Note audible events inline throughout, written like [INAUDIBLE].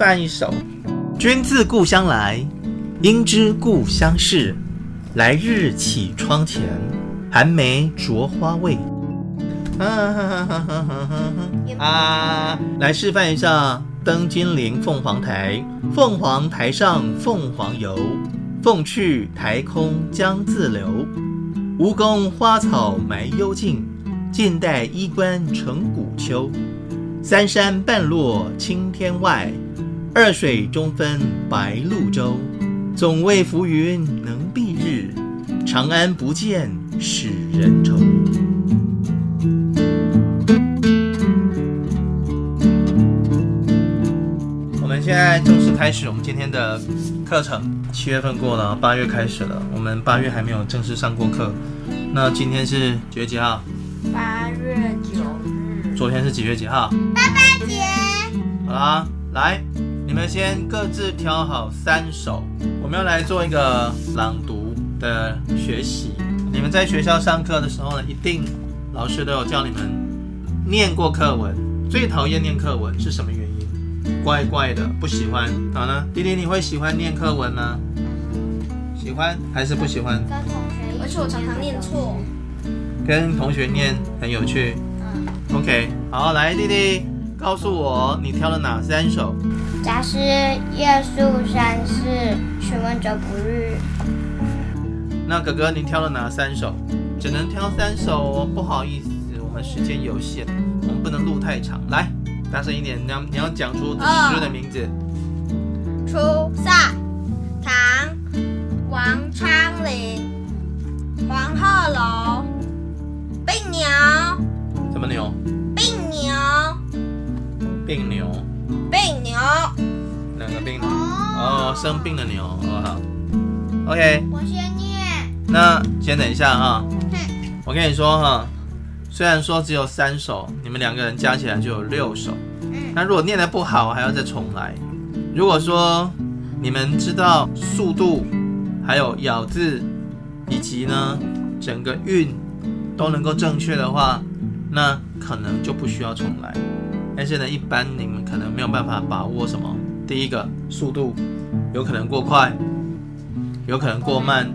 放一首。君自故鄉來，應知故鄉事。來日綺窗前，寒梅著花未？啊，啊, [LAUGHS] 啊！來示範一下《登金陵鳳凰臺》：鳳凰臺上鳳凰遊，鳳去台空江自流。吳宮花草埋幽徑，晉代衣冠成古丘。三山半落青天外，二水中分白鷺洲，總為浮雲能蔽日，長安不見使人愁。我們現在正式開始我們今天的課程。七月份過了，八月開始了。我們八月還沒有正式上過課。那今天是幾月幾號？八月九日。昨天是幾月幾號？爸爸節。好啦，來。你們先各自挑好三首，我們要來做一個朗讀的學習。你們在學校上課的時候呢，一定老師都有教你們念過課文。最討厭念課文是什麼原因？怪怪的，不喜歡。好呢，弟弟，你會喜歡念課文嗎？喜歡還是不喜歡？跟同學念。而且我常常念錯。跟同學念很有趣。嗯，OK，好，來，弟弟，告訴我你挑了哪三首。《雜詩》《夜宿山寺》《尋問者不遇》。那哥哥，您挑了哪三首？只能挑三首，不好意思，我們時間有限，我們不能錄太長。來，大聲一點，你要你要講出這首詩的名字。哦《出塞》，唐王昌齡，《黃鶴樓》病牛。什麼牛？病牛。病牛。好，兩個病哦，生病的牛，哦好，OK，我先念，那先等一下啊，哼我跟你說哈，雖然說只有三首，你們兩個人加起來就有六首，嗯，那如果念得不好，還要再重來。如果說你們知道速度，還有咬字，以及呢整個韻都能夠正確的話，那可能就不需要重來。但是呢，一般你們可能沒有辦法把握什麼？第一個速度，有可能過快，有可能過慢，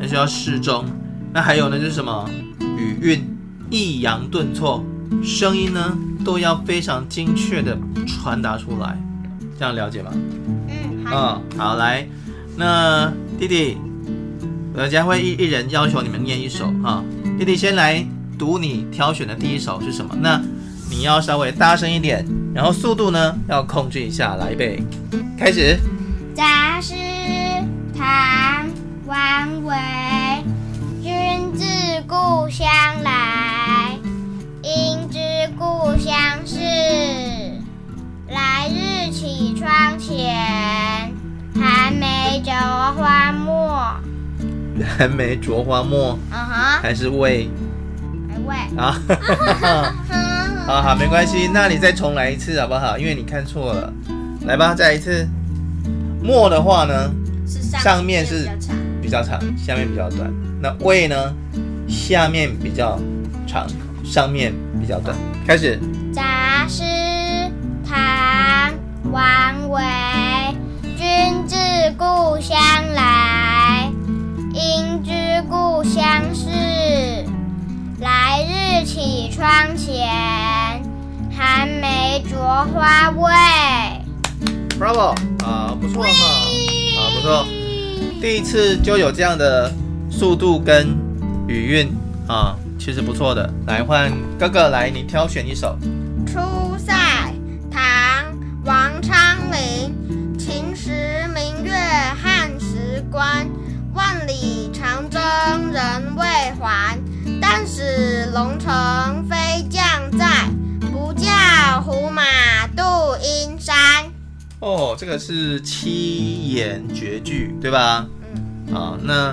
還是要適中。那還有呢，就是什麼語韻、抑揚頓挫，聲音呢都要非常精確的傳達出來。這樣了解嗎？嗯好、哦，好。來，那弟弟，我將會一一人要求你們念一首哈、哦，弟弟先來讀你挑選的第一首是什麼？那。你要稍微大聲一點，然後速度呢要控制一下。來，預備，開始。雜詩，唐·王維。君自故鄉來，應知故鄉事。來日綺窗前，寒梅著花末？寒梅著花末？啊哈、uh？Huh. 還是未？還未、uh？Huh. 啊哈哈哈！Uh huh. [LAUGHS] 好好，沒關係，那你再重來一次好不好？因為你看錯了，來吧，再來一次。末的話呢，上面是比較長，下面比較短。那未呢，下面比較長，上面比較短。好開始。《雜詩》唐·王維，君自故鄉來，應知故鄉事，來日日綺窗前，寒梅着花未？Bravo，啊，不錯哈，啊，啊，不錯，第一次就有這樣的速度跟語韻啊，其實不錯的。來換哥哥來，你挑選一首《出塞》唐王昌齡：秦時明月漢時關，萬里長征人未還。但使龍城飛將在，不教胡馬度陰山。哦，這個是七言絕句，對吧？嗯。啊，那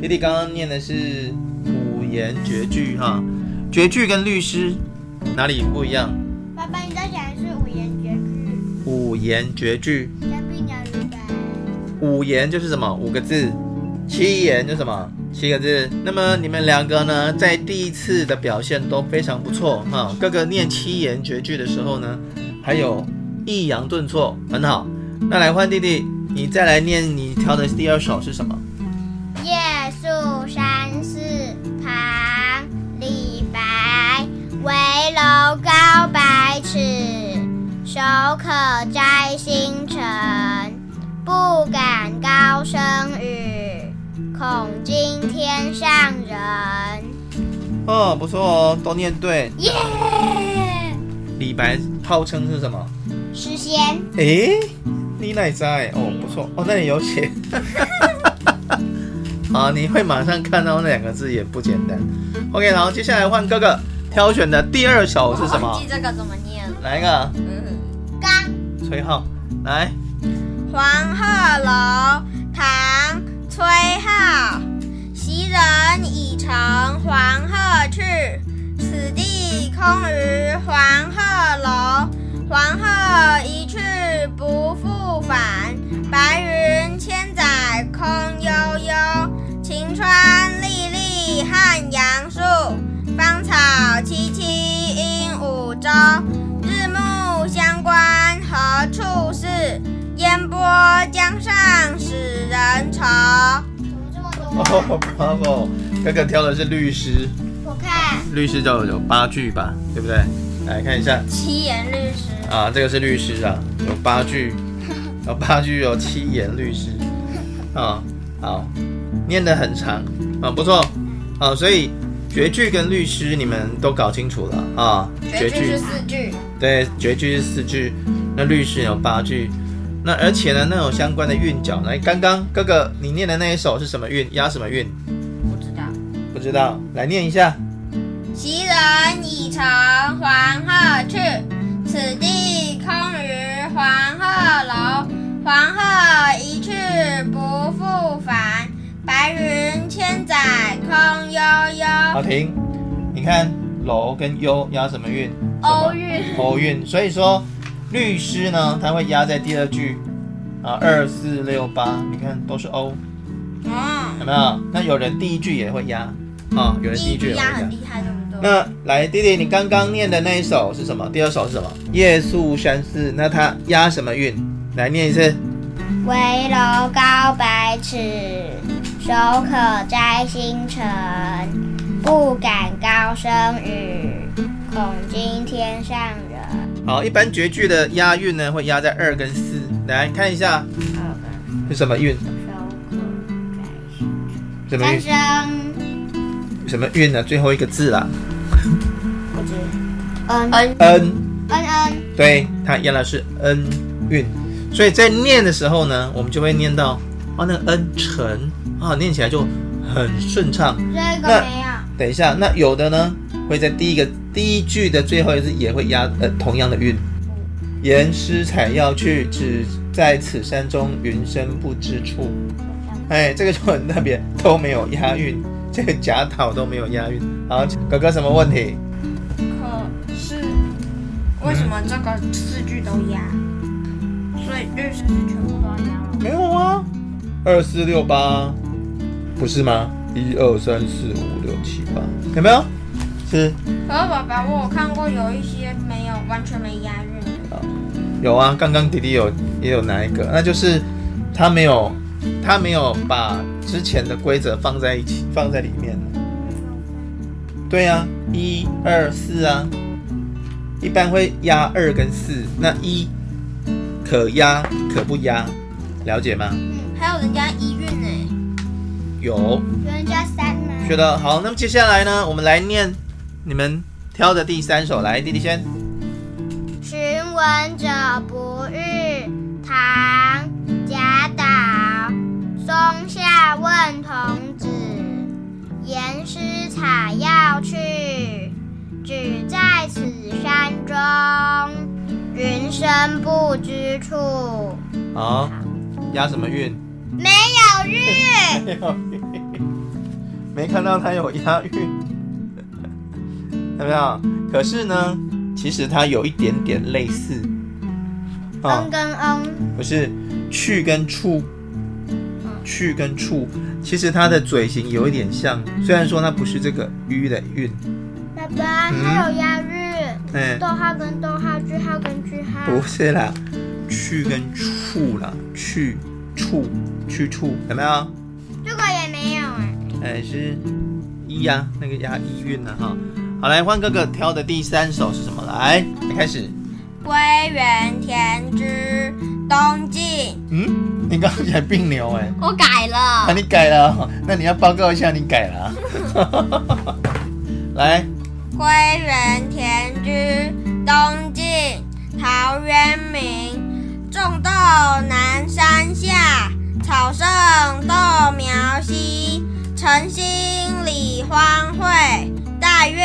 弟弟剛剛念的是五言絕句哈。絕句跟律詩哪裡不一樣？爸爸，你在講的是五言絕句。五言絕句。江碧鳥逾白。五言就是什麼？五個字。七言就是什麼？七個字。那麼你們兩個呢，在第一次的表現都非常不錯哈，哥哥念七言絕句的時候呢，還有抑揚頓挫，很好。那來換弟弟，你再來念，你挑的第二首是什麼？夜宿山寺，唐·李白。危樓高百尺，手可摘星辰。不敢高聲語。恐驚天上人。哦，不錯哦，都念對。耶！Yeah! 李白號稱是什麼？詩仙。誒，你奶在？哦，不錯哦，那裡有寫。 [LAUGHS] 好，你會馬上看到那兩個字也不簡單。OK，然後接下來換哥哥挑選的第二首是什麼？我記這個怎麼念？來一個。嗯哼。剛。崔顥。來。黃鶴樓，唐。崔顥：昔人已乘黃鶴去，此地空餘黃鶴樓。黃鶴。江上使人愁，怎麼這麼多？哦、oh,，哥哥挑的是律詩。我看，律詩就有八句吧，對不對？來看一下，七言律詩。啊，這個是律詩啊，有八句，有、 [LAUGHS] 哦、八句有、哦、七言律詩啊，好，念得很長啊，不錯啊，所以絕句跟律詩你們都搞清楚了啊。絕句，絕句是四句，對，絕句是四句，那律詩有八句。那而且呢，那有相關的韻腳，來，剛剛哥哥你念的那一首是什麼韻，押什麼韻？不知道。不知道，來念一下。昔人已乘黃鶴去，此地空餘黃鶴樓。黃鶴一去不復返，白雲千載空悠悠。好，停！你看樓跟悠押什麼韻？歐韻韻。歐韻，歐 [LAUGHS] 所以說。律詩呢？他會押在第二句啊，二四六八，你看都是 o 啊、哦，有沒有？那有人第一句也會押，啊、嗯哦，有人第一句也會押。第一句押很厲害那麼多那來，弟弟，你剛剛念的那一首是什麼？第二首是什麼？夜宿山寺。那它押什麼韻？來念一次。危樓高百尺，手可摘星辰。不敢高聲語，恐驚天上人。好，一般絕句的押韻呢，會押在二跟四。來看一下，是什麼韻？什麼？什麼韻呢、啊？最後一個字啦。恩恩對，它原來是恩韻，所以在念的時候呢，我們就會念到，啊，那個恩成啊，念起來就很順暢。這個沒有。等一下，那有的呢，會在第一個。第一句的最後一個字也會押，呃同樣的韻。言師採藥去，只在此山中，雲深不知處。哎，這個就很特別，都沒有押韻，這個賈島都沒有押韻。好，哥哥什麼問題？可是為什麼這個四句都押？所以律詩是全部都要押嗎？沒有啊，二四六八不是嗎？一二三四五六七八，有沒有？吃可是爸爸，我有看過有一些沒有完全沒押韻的。有啊，剛剛弟弟有也有拿一個，那就是他沒有他沒有把之前的規則放在一起，放在裡面。對呀、啊，一、二、四啊，一般會押二跟四，那一可押可不押，了解嗎？嗯、還有人家一韻、欸、有呢，有。有人家三嗎？學得好，那麼接下來呢，我們來念。你們挑的第三首來，弟弟先。尋隱者不遇，唐·賈島。松下問童子，言師採藥去，只在此山中，雲深不知處。啊、哦，押什麼韻？沒有韻。沒有韻。沒看到他有押韻。有沒有？可是呢，其實它有一點點類似，哦、嗯，跟嗯，不是去跟出，去跟出、嗯，其實它的嘴型有一點像，雖然說它不是這個 u 的韻。魚蕾蕾爸爸，有押韻。嗯。逗號、欸、跟逗號，句號跟句號。不是啦，去跟出啦，去出去出，有沒有？這個也沒有哎、欸。哎、欸，是一呀、啊，那個押一韻的哈。好來，來換哥哥挑的第三首是什麼？來，開始。《歸園田居》東晉。嗯，你剛才很流哎！ [LAUGHS] 我改了。那、啊、你改了，那你要報告一下，你改了、啊。 [LAUGHS] 來，《歸園田居》東晉陶淵明。種豆南山下，草盛豆苗稀。晨興理荒穢。大月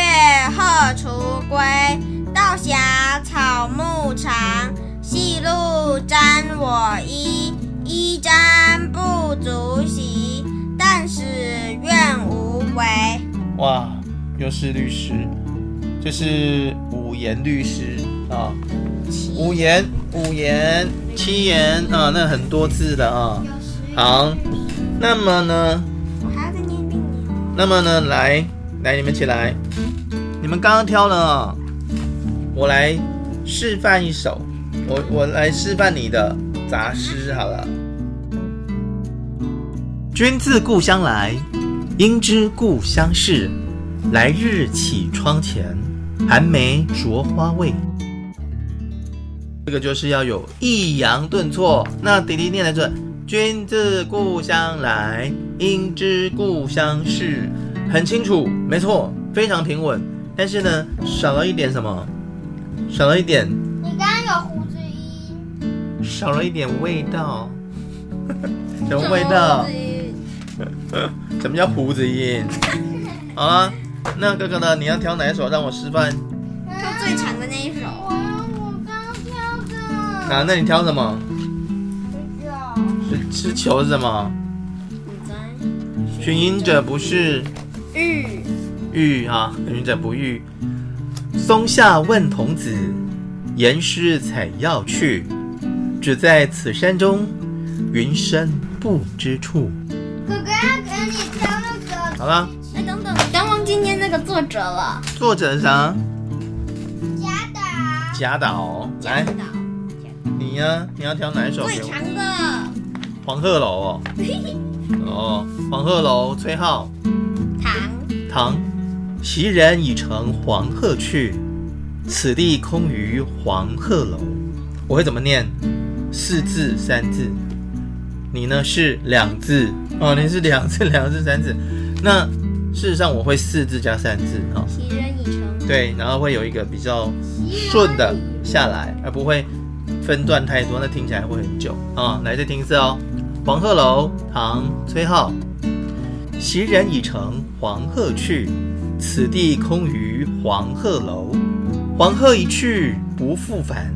荷鋤歸，道狹草木長，夕露沾我衣，衣沾不足惜，但使願無違。哇，又是律詩，這、就是五言律詩啊，五言、五言、七言啊，那很多字的啊。好、啊，那麼呢？我還要再念一遍，那麼呢，來。來，你們起來。你們剛剛挑了我我，我來示範一首。我我來示範你的雜詩好了。君自故鄉來，應知故鄉事。來日綺窗前，寒梅著花未？這個就是要有抑揚頓挫。那弟弟念的是：君自故鄉來，應知故鄉事。很清楚，沒錯，非常平穩，但是呢，少了一點什麼？少了一點。你剛剛有鬍子音。少了一點味道。呵呵什麼味道？什麼叫鬍子音？ [LAUGHS] 好了，那哥哥呢？你要挑哪一首讓我示範？挑、啊、最長的那一首。我剛挑的。啊，那你挑什麼？吃球是是球子嗎？你來。尋隱者不是。遇遇玉啊，隱者不遇。松下問童子，言師採藥去，只在此山中，雲深不知處。哥哥，要給你挑那個好了吧。哎，等等，我忘記念那個作者了。作者是啥？賈島導。賈島。來，導你呀、啊，你要挑哪一首？最長的。黃鶴樓哦。 [LAUGHS] 哦，黃鶴樓，崔顥。唐，昔人已乘黃鶴去，此地空餘黃鶴樓。我會怎麼念？四字三字。你呢？是兩字哦，你是兩字兩字三字。那事實上我會四字加三字哈。昔人已乘對，然後會有一個比較順的下來，而不會分段太多，那聽起來會很久啊、哦。來，再聽一次哦，《黃鶴樓》唐，崔顥。昔人已乘黃鶴去，此地空餘黃鶴樓。黃鶴一去不復返，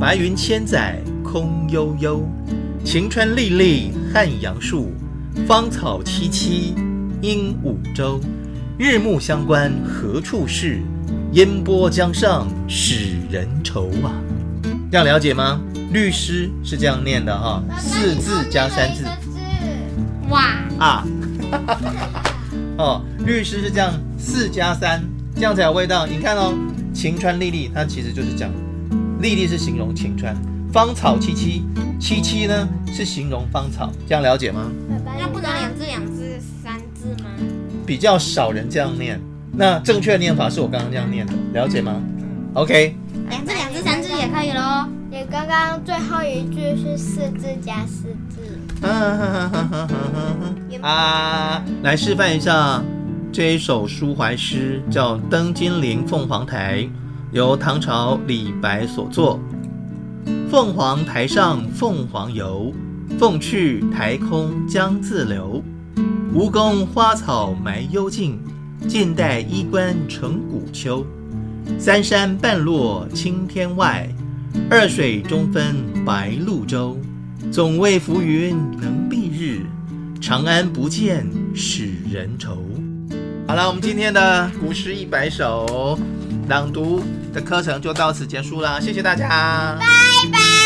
白雲千載空悠悠。晴川歷歷漢陽樹，芳草萋萋鸚鵡洲。日暮鄉關何處是？煙波江上使人愁啊！要了解嗎？律詩是這樣念的哈、哦，字四字加三字。字哇啊。 [LAUGHS] 哦，律師是這樣，四加三，這樣才有味道。你看哦，晴川歷歷，它其實就是這樣，歷歷是形容晴川；芳草萋萋，萋萋呢是形容芳草。這樣了解嗎？那不能兩字、兩字、三字嗎？比較少人這樣念，那正確念法是我剛剛這樣念的，了解嗎？OK，兩字、兩字、三字也可以嘍。剛剛最後一句是四字加四字。啊，來示範一下，這一首抒懷詩叫《登金陵鳳凰台》，由唐朝李白所作。鳳凰台上鳳凰遊，鳳去台空江自流。吳宮花草埋幽徑，晉代衣冠成古丘。三山半落青天外，二水中分白鷺洲，總為浮雲能蔽日。長安不見使人愁。好了，我們今天的古詩一百首朗讀的課程就到此結束了，謝謝大家，拜拜。